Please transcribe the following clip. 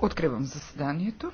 Откривам заседанието.